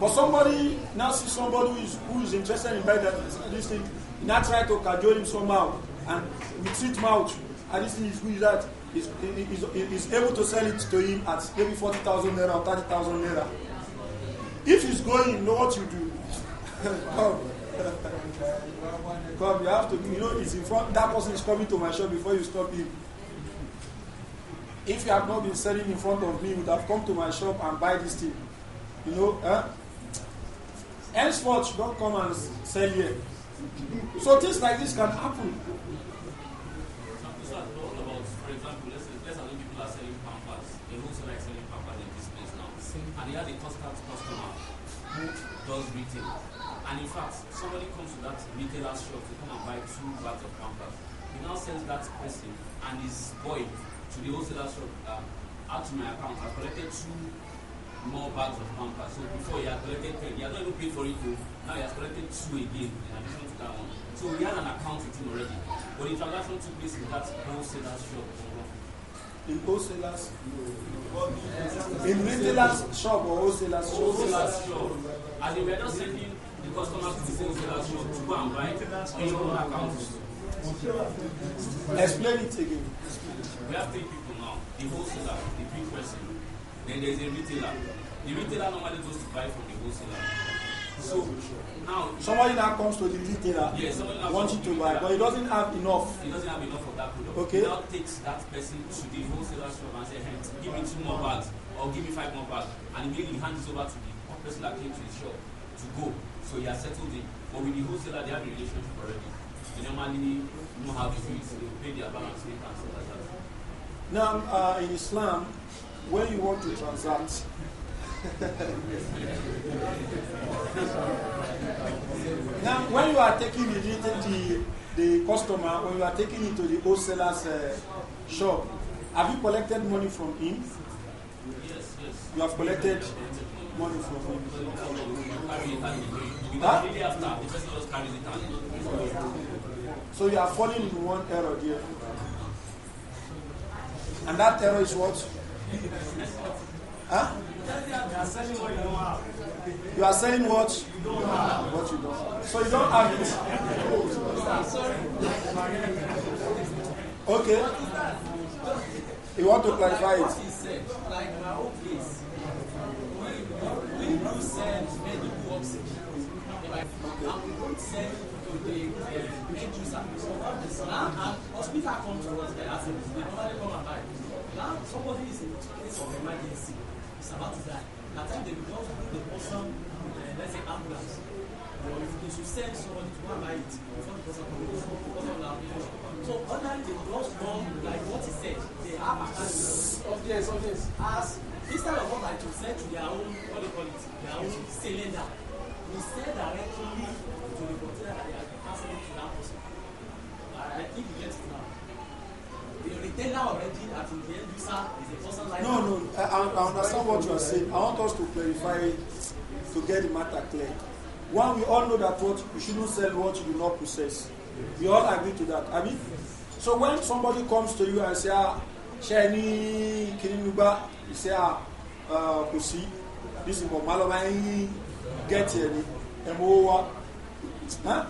But somebody now see somebody who is, who is interested in buying that, this thing, now try to cajole him somehow and with sweet mouth, and this thing is who is that is, is, is able to sell it to him at maybe 40,000 naira or 30,000 naira. If he's going, you know what you do. Come. Come, you have to, you know, it's in front, that person is coming to my shop before you stop him. If you have not been selling in front of me, you would have come to my shop and buy this thing. You know, eh? henceforth, don't come and sell here. So things like this can happen. And he had a constant customer who does retail. And in fact, somebody comes to that retailer's shop to come and buy two bags of pampers. He now sends that person and his boy to the wholesaler shop uh, that out of my account, I collected two more bags of pampers. So before you had collected ten, you had not even paid for it, now you have collected two again in addition to that one. So we had an account with him already. But the transaction took place in that wholesaler shop. In wholesalers, In retailer's shop or wholesalers shop? Wholesalers shop. And they were just sending the customers to the wholesalers shop to go and buy on your own account. Explain it again. We have three people now the wholesaler, the big person, then there's a retailer. The retailer normally goes to buy from the wholesaler. So now somebody now comes to the retailer, yes, wants you to buy, but he doesn't have enough. He doesn't have enough of that product. Okay. He now takes that person to the wholesaler shop and says, hey, give me two more bags or give me five more bags. And immediately hands over to the person that came to the shop to go. So he has settled it. But with the wholesaler, they have a relationship already. They normally know how to do it, so they pay their balance and stuff like that. Now, uh, in Islam, when you want to transact, now, when you are taking the the, the customer, when you are taking it to the wholesaler's uh, shop, have you collected money from him? Yes, yes. You have collected money from him. So you are falling into one error here. And that terror is what? huh? You are selling what? You don't have. What you don't So you don't have it. okay. You want to clarify it? Like my own place. We do send medical oxygen. And we don't send to the uh, main user of this. Now, and hospital come to us as a they normally come and buy. Now, somebody is in case of emergency, is about to die. At time they will just bring the person, uh, let's say ambulance, or if they should send somebody to go and buy it before the person comes, because of the application. So, ordinarily, they just run like what he said. They have a of this, of this. As instead of what I to send to their own, what they call it, their own cylinder. directly to the container that they to that person. I think you get it now. The retailer already at the end user is a person like No, no, I, I understand what you are saying. I want us to clarify it to get the matter clear. One, we all know that what you shouldn't sell what you do not possess. We all agree to that. I mean, so when somebody comes to you and say, ah, Shani Kirinuba, you say, ah, uh, Kusi, this is Momalo it, and ẹ̀mọ́wó Huh?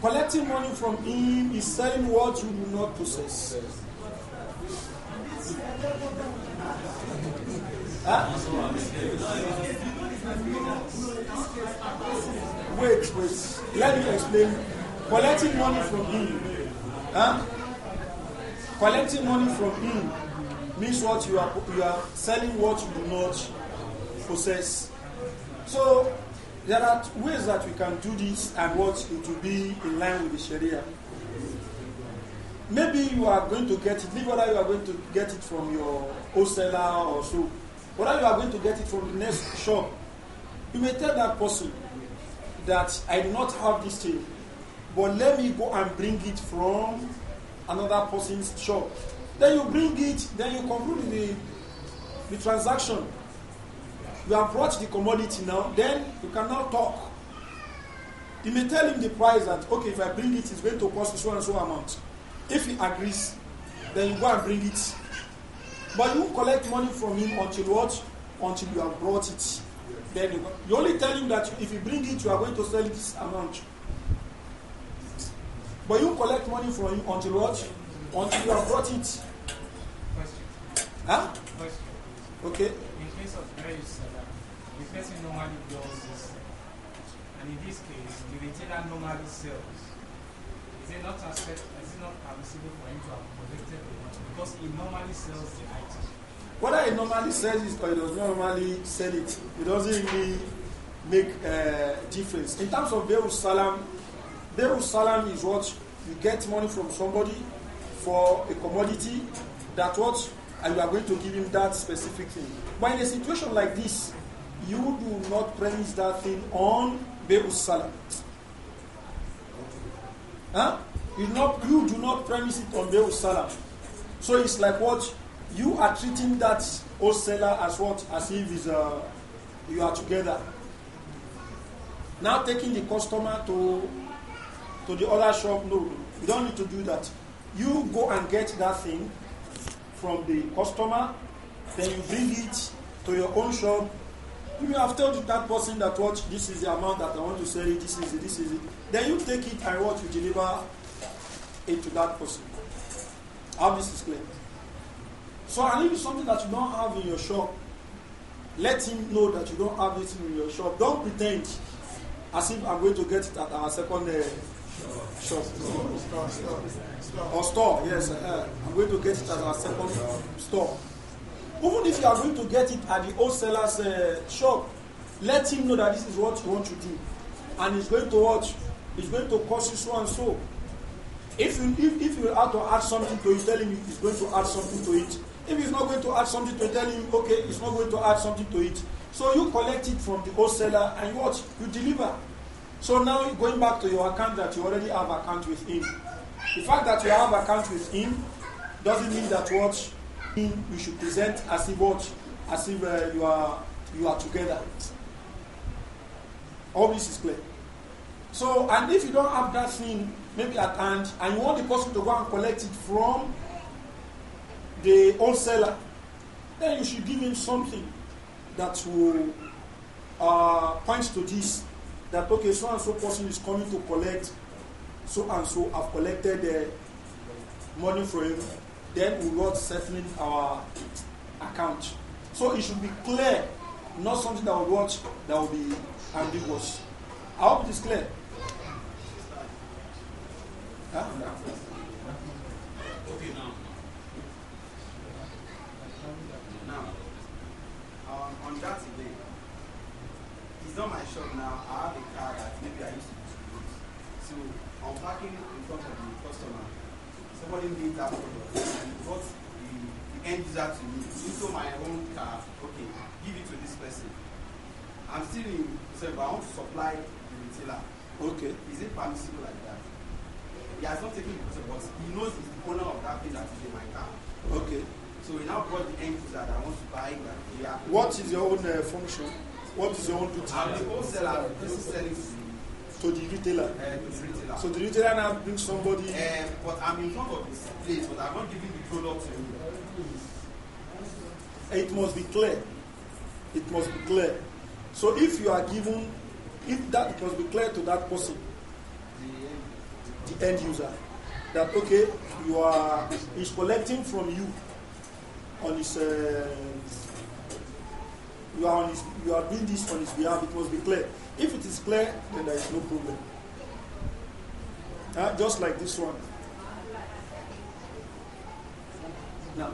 collecting money from him is selling what you do not possess. Huh? Wait, wait. Let me explain. Collecting money from him. Huh? Collecting money from him means what you are you are selling what you do not possess. So there are ways that we can do this and what it will be in line with the Sharia. Maybe you are going to get it, leave whether you are going to get it from your wholesaler or so, whether you are going to get it from the next shop. You may tell that person that I do not have this thing, but let me go and bring it from another person's shop. Then you bring it, then you conclude the, the transaction you have brought the commodity now, then you can now talk. You may tell him the price that, okay, if I bring it, it's going to cost so and so amount. If he agrees, then you go and bring it. But you collect money from him until what? Until you have brought it. Then you, you, only tell him that if you bring it, you are going to sell this amount. But you collect money from him until what? Until you have brought it. Huh? Okay case of marriage seller, uh, the person normally does this. And in this case, the retailer normally sells. Is it not accept, is it not permissible for him to have collected the Because he normally sells the item. Whether he normally sells it or he does not normally sell it, it doesn't really make a uh, difference. In terms of Beirut Salam, Beirut Salam is what you get money from somebody for a commodity that what and you are going to give him that specific thing. But in a situation like this, you do not premise that thing on Be'us Salam. Huh? You, not, you do not premise it on Be'us Salam. So it's like what? You are treating that old seller as what? As if is, uh, you are together. Now taking the customer to, to the other shop, no, you don't need to do that. You go and get that thing from the customer, then you bring it to your own shop. You have told that person that what this is the amount that I want to sell it, this is it, this is it. Then you take it and what you deliver it to that person. How this is clear. So I leave you something that you don't have in your shop, let him know that you don't have it in your shop. Don't pretend as if I'm going to get it at our second uh, Shop. Or store, yes. Uh, I'm going to get it at our second store. Even if you are going to get it at the old seller's uh, shop, let him know that this is what you want to do. And he's going to watch. He's going to cost you so and so. If you if, if you have to add something to it, tell him he's going to add something to it. If he's not going to add something to it, tell him, okay, he's not going to add something to it. So you collect it from the old seller and what? You deliver. So now going back to your account that you already have account with him. The fact that you have account with him doesn't mean that what you should present as if what as if uh, you are you are together. All this is clear. So and if you don't have that thing maybe at hand and you want the person to go and collect it from the wholesaler, then you should give him something that will uh, point to this that okay, so and so person is coming to collect, so and so have collected the money from him, then we will settling our account. So it should be clear, not something that will watch that will be ambiguous. I hope it is clear. Huh? Okay, now. Now, um, on that not my shop now. I have a car that maybe I used to use. So I'm parking in front of the customer. Somebody made that product and brought the, the end user to me into my own car. Okay, give it to this person. I'm still in, so I want to supply the retailer. Okay. Is it permissible like that? He has not taken the person, but he knows he's the owner of that thing that is in my car. Okay. So we now brought the end user that I want to buy that. What is your own uh, function? What is your own duty? I'm the wholesaler. This is selling to the retailer. Uh, to the retailer. So the retailer now brings somebody. Uh, but I'm in front of this place, but I'm not giving the product to you. It must be clear. It must be clear. So if you are given, if that it must be clear to that person, the end user, that okay, you are is collecting from you on his. Uh, you are, his, you are doing this on his behalf, it must be clear. If it is clear, then there is no problem. Uh, just like this one. Now,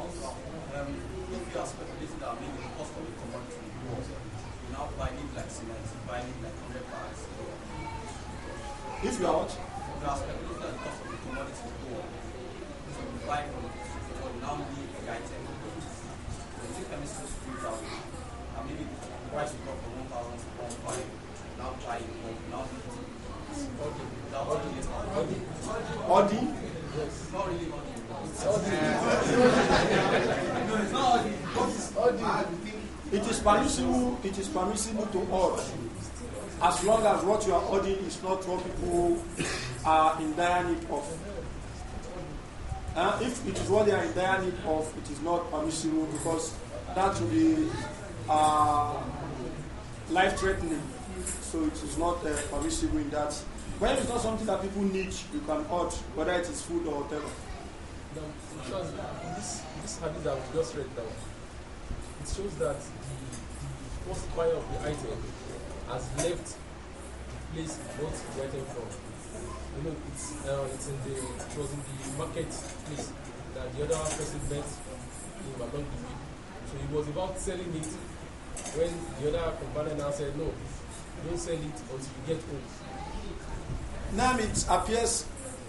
also, um, if you are speculating that maybe the cost of the commodity you now buy it like cement, you buy it like 100 bags. If you are what? price will from 1,000 to 1,500. Now try it, now Audi. Audi? Yes. Not really Audi. It's Audi. Uh, no, it's not Audi. What is Audi? It is permissible, it is permissible to audit, as long as what you are ordering is not what people are in dire need of. Uh, if it is what they are in dire need of, it is not permissible because that will be uh, life threatening. So it is not uh, permissible in that. When it's not something that people need, you can opt whether it is food or whatever. Now, this, this habit that we just read now, it shows that the, first buyer of the item has left the place not the item from. You know, it's, uh, it's in the, it was in the market place that the other person met him along the way. So he was about selling it when the other companion now said, No, don't sell it until you get home. Now it appears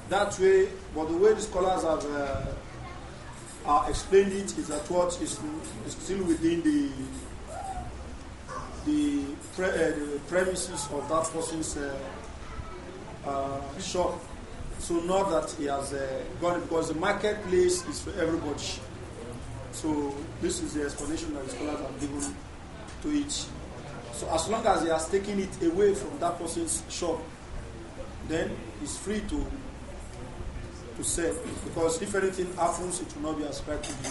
that way, but the way the scholars have uh, uh, explained it is that what is, is still within the the, pre, uh, the, premises of that person's uh, uh, shop. So not that he has uh, gone because the marketplace is for everybody. So this is the explanation that the scholars have given to it. So as long as he has taken it away from that person's shop, then he's free to to sell. Because if anything happens, it will not be ascribed to the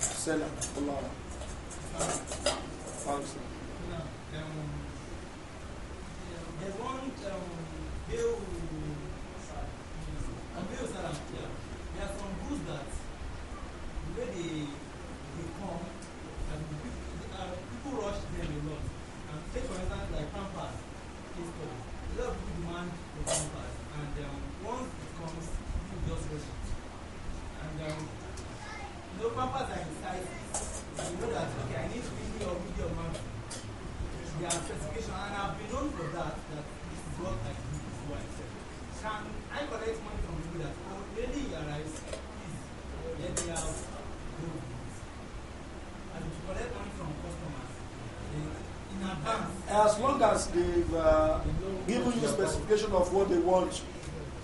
seller. Allah. Thanks. They want um, they've uh, given you specification of what they want.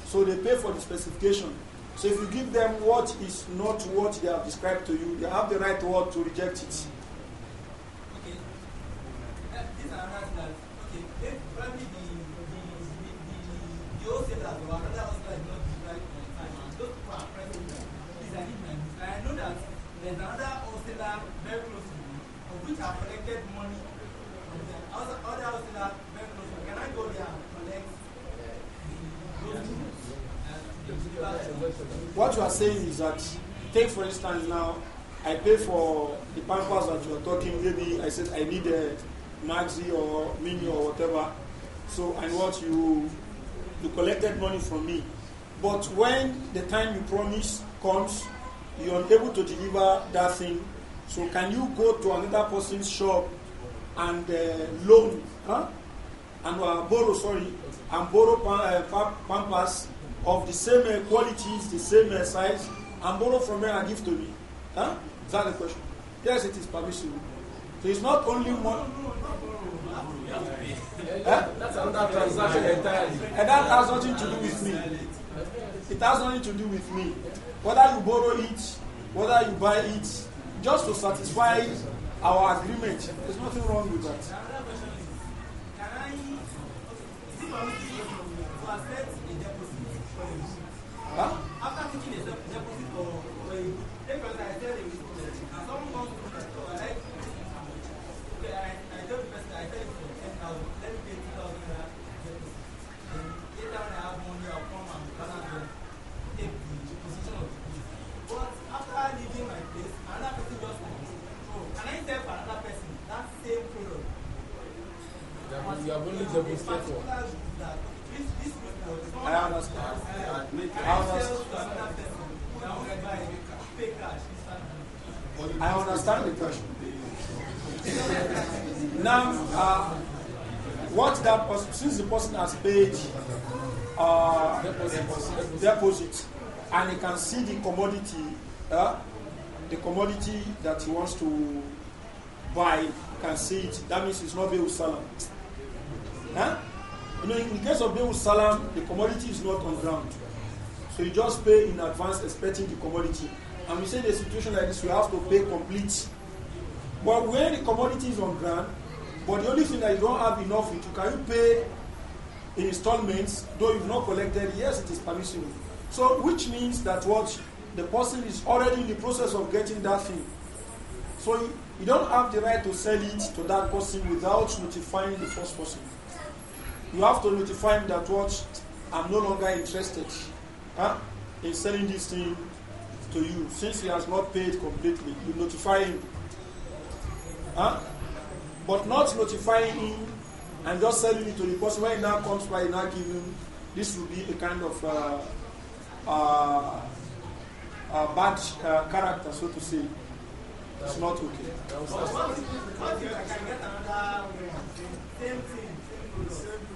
So they pay for the specification. So if you give them what is not what they have described to you, they have the right to, to reject it. you are saying is that, take for instance now, I pay for the pampers that you are talking, maybe I said I need a Maxi or Mini or whatever. So, and what you, you collected money from me. But when the time you promise comes, you are unable to deliver that thing. So, can you go to another person's shop and uh, loan, huh? and uh, borrow, sorry, and borrow pam- uh, pampers of the same uh, qualities, the same uh, size, and borrow from her and give to me? Huh? Is that the question? Yes, it is permissible. So it's not only one. That's another transaction entirely. And that has nothing to do with me. It has nothing to do with me. Whether you borrow it, whether you buy it, just to satisfy our agreement. There's nothing wrong with that. 啊。understand the question. now, uh, what that person, since the person has paid uh, deposit. deposit and he can see the commodity, uh, the commodity that he wants to buy, can see it. That means it's not Beul Salam. Huh? You know, in the case of Beul Salam, the commodity is not on ground. So you just pay in advance expecting the commodity. And we say in a situation like this, we have to pay complete. But where the commodity is on ground, but the only thing that you don't have enough is, can you pay in installments, though you've not collected? Yes, it is permissible. So, which means that what the person is already in the process of getting that thing. So, you, you don't have the right to sell it to that person without notifying the first person. You have to notify him that what I'm no longer interested huh, in selling this thing to you since he has not paid completely. You notify him. Huh? But not notifying him and just selling it to the person when he now comes by now giving this will be a kind of uh, uh, uh bad uh, character, so to say. It's not okay. What if I can get another uh, same thing,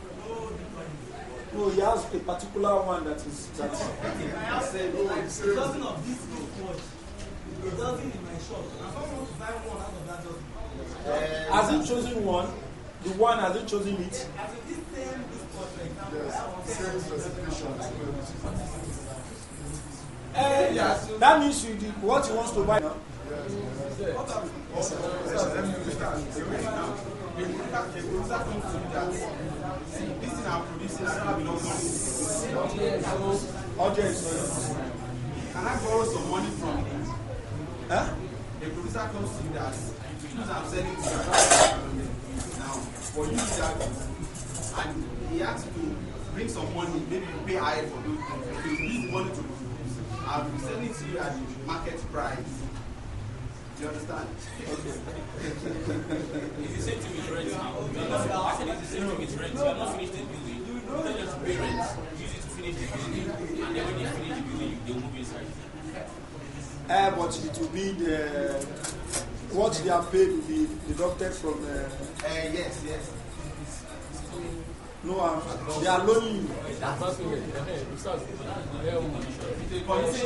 no, he has a particular one that is. That I have dozen of these watch. A dozen in my shop. I And someone to buy one out of that Has he chosen one? The one has he chosen it? Has As in this same watch, for example. Yes, same specifications. That means you did what he wants to buy now. Yes. This is our producer, so belongs to So, Can I borrow some money from you? Huh? The producer comes to you that shoes I'm selling to you now, for you that, and he has to bring some money, maybe you pay higher for those things. you need money to produce, I'll be selling to you at the market price. Do you understand? If the same to me rent now. I said it's the same thing with rent. You have not finished the building. You tell them to pay rent, use it to finish the building, and then when they finish the building, they will move inside. Uh, but it will be the what they have paid will be deducted from. Uh, uh, yes, yes. No, i they are loaning you. That's not good. It's not It's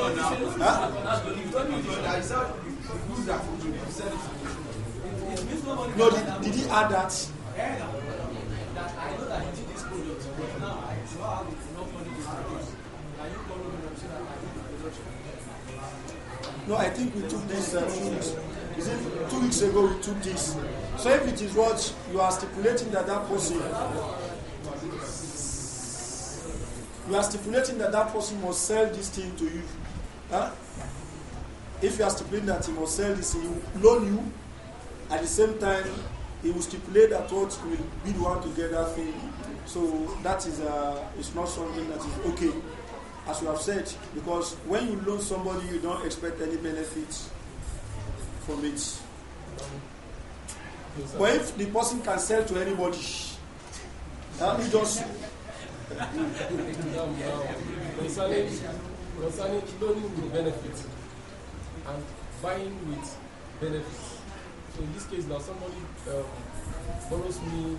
It's not good that no did, did he add that I know that he did this but now I do have enough money to produce can you that I did the production no I think we took this uh, two weeks is it two weeks ago we took this so if it is what you are stipulating that that person you are stipulating that that person must sell this thing to you huh? if he has to stipulated that he must sell this, he will loan you. At the same time, he will stipulate that what will be the one together thing. So that is a. it's not something that is okay, as you have said, because when you loan somebody, you don't expect any benefits from it. But if the person can sell to anybody, uh, you just. Concerning loaning will benefit and buying with benefits. So in this case now somebody um, borrows me,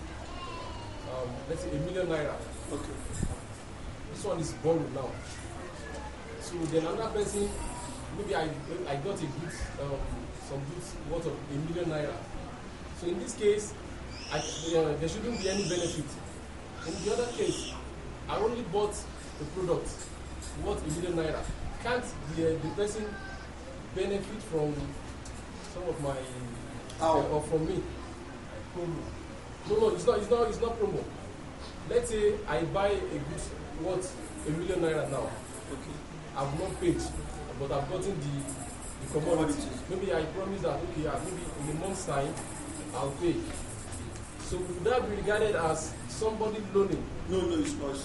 um, let's say a million naira. Okay. This one is borrowed now. So then another person, maybe I, I got a good, um, some good worth of a million naira. So in this case, I, uh, there shouldn't be any benefit. In the other case, I only bought the product worth a million naira. Can't the, uh, the person benefit from some of my uh, or from me. Promo. No, no, it's not. It's not. It's not promo. Let's say I buy a good what a million naira now. Okay. I've not paid, but I've gotten the the commodity. Maybe I promise that okay, uh, maybe in a month's time I'll pay. So would that be regarded as somebody loaning? No, no, it's not.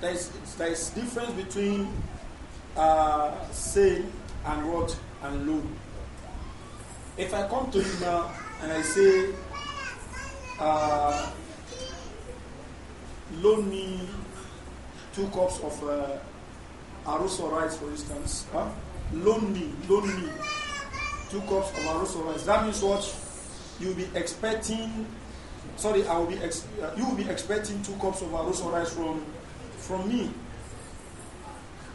There's there's difference between uh, and what? And loan. If I come to you now and I say, uh, loan me two cups of uh, Aruso rice, for instance. Huh? Loan me, loan me two cups of Aruso rice. That means what? You'll be expecting, sorry, I will be, ex- uh, you will be expecting two cups of Aruso rice from, from me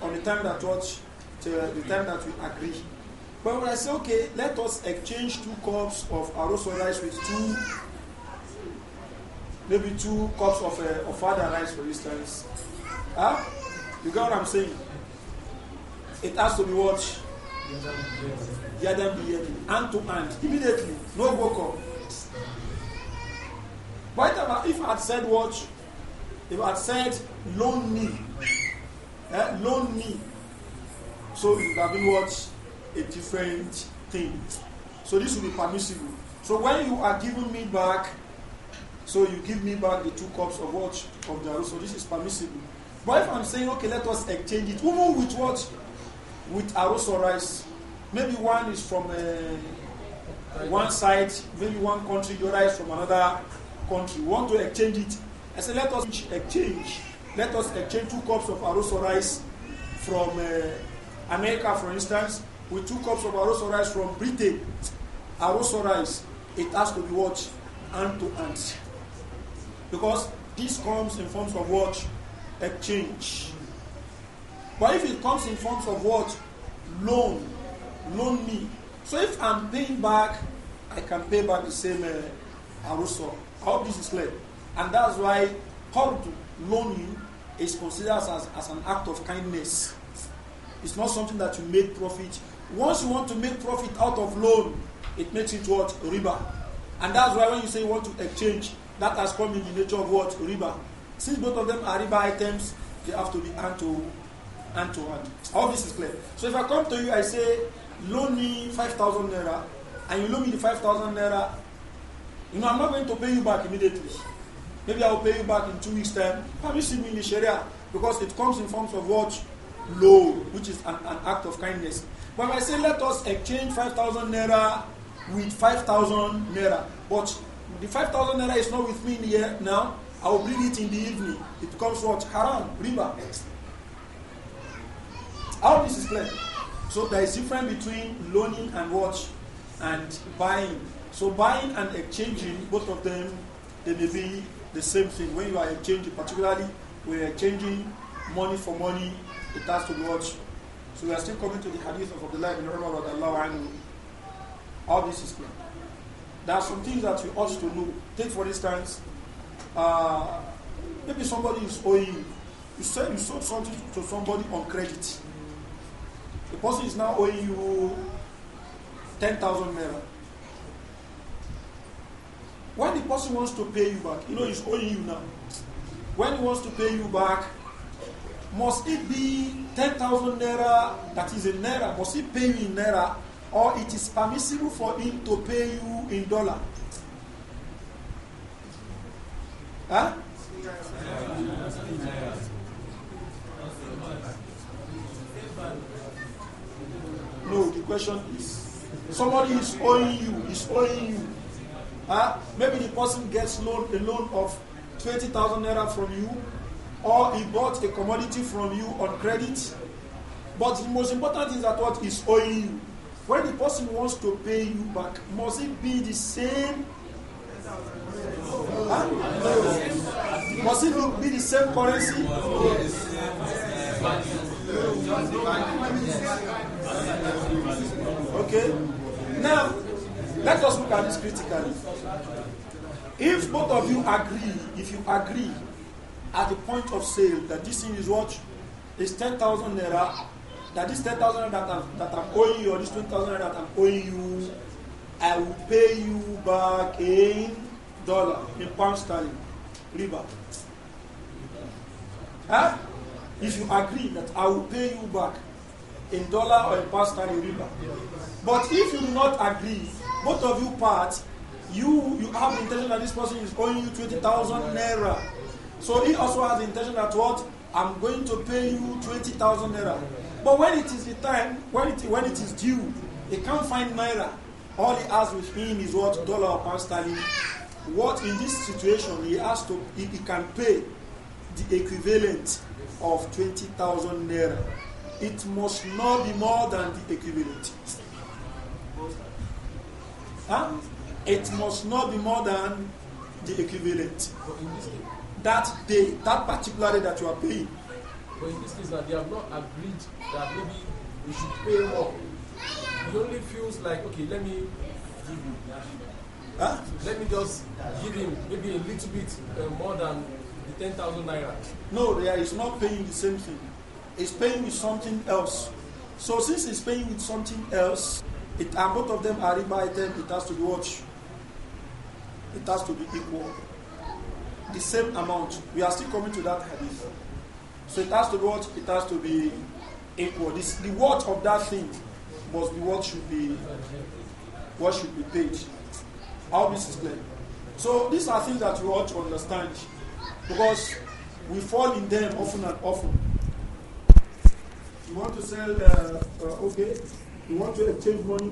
on the time that what uh, the time that we agree. But when I say, okay, let us exchange two cups of aroso rice with two, maybe two cups of, uh, of other rice, for instance. Huh? You get what I'm saying? It has to be Yeah, Yadam be Hand to hand. Immediately. No walk up. But if I had said watch, If I had said loan me, eh, loan me, so it have been what? A different thing. So this will be permissible. So when you are giving me back, so you give me back the two cups of what? Of the So this is permissible. But if I'm saying, okay, let us exchange it, even with what? With arroz or rice. Maybe one is from uh, one side, maybe one country, the other is from another country. We want to exchange it. I say let us exchange. Let us exchange two cups of arroz or rice from uh, America, for instance, we took up some Arosa rice from Britain. Arosa rice, it has to be watched hand to hand. Because this comes in forms of what? Exchange. But if it comes in forms of what? Loan. Loan me. So if I'm paying back, I can pay back the same uh, Arosa. I hope this is clear. And that's why loan loaning, is considered as, as an act of kindness. It's not something that you make profit. Once you want to make profit out of loan, it makes it what? Riba. And that's why when you say you want to exchange, that has come in the nature of what? Riba. Since both of them are riba items, they have to be hand to hand to hand. All this is clear. So if I come to you, I say, loan me 5,000 naira, and you loan me the 5,000 naira, you know, I'm not going to pay you back immediately. Maybe I'll pay you back in two weeks' time. Have you seen me in the Sharia? Because it comes in forms of what? loan, which is an, an act of kindness. But I say, let us exchange 5,000 naira with 5,000 naira. But the 5,000 naira is not with me here now. I will bring it in the evening. It becomes what? Haram, riba. How this is clear? So there is difference between loaning and what? And buying. So buying and exchanging, both of them, they may be the same thing. When you are exchanging, particularly when you are exchanging money for money, it has to watch. So we are still coming to the hadith of Abdullah ibn Umar anhu. All this is clear. There are some things that we ought to know. Take for instance, uh, maybe somebody is owing you. You said you sold something to somebody on credit. The person is now owing you 10,000 naira. When the person wants to pay you back, you know he's owing you now. When he wants to pay you back, must it be 10,000 naira, that is a naira, must he pay you in naira, or it is permissible for him to pay you in dollar? Huh? No, the question is somebody is owing you, is owing you. Huh? Maybe the person gets loan, a loan of 20,000 naira from you or he bought a commodity from you on credit. But the most important is that what is owing you. When the person wants to pay you back, must it be the same? Huh? Must it be the same currency? Okay. Now, let us look at this critically. If both of you agree, if you agree at the point of sale that this thing is what is 10,000 naira, that this 10,000 that, I'm, that I'm owing you or this 20,000 that I'm owing you, I will pay you back in dollar, in pound sterling, riba. Huh? If you agree that I will pay you back in dollar or in pound sterling, riba. But if you do not agree, both of you part, you, you have the intention that this person is owing you 20,000 naira so he also has the intention that what? I'm going to pay you 20,000 naira. But when it is the time, when it, when it is due, he can't find naira. All he has with him is what? Dollar or pound sterling. What in this situation he has to, he, he can pay the equivalent of 20,000 naira. It must not be more than the equivalent. Huh? It must not be more than the equivalent that day, that particular day that you are paying. But in this case, that they have not agreed that maybe we should pay more. He only feels like, okay, let me give you. Huh? Let me just give him maybe a little bit uh, more than the 10,000 naira. No, there is not paying the same thing. He's paying with something else. So since he's paying with something else, it, and both of them are invited, it has to be what? It has to be equal the same amount, we are still coming to that hadith. So it has to be what? It has to be equal. This, the worth of that thing must be what should be what should be paid. How this is clear. So these are things that we ought to understand because we fall in them often and often. You want to sell, uh, uh, okay, you want to exchange money,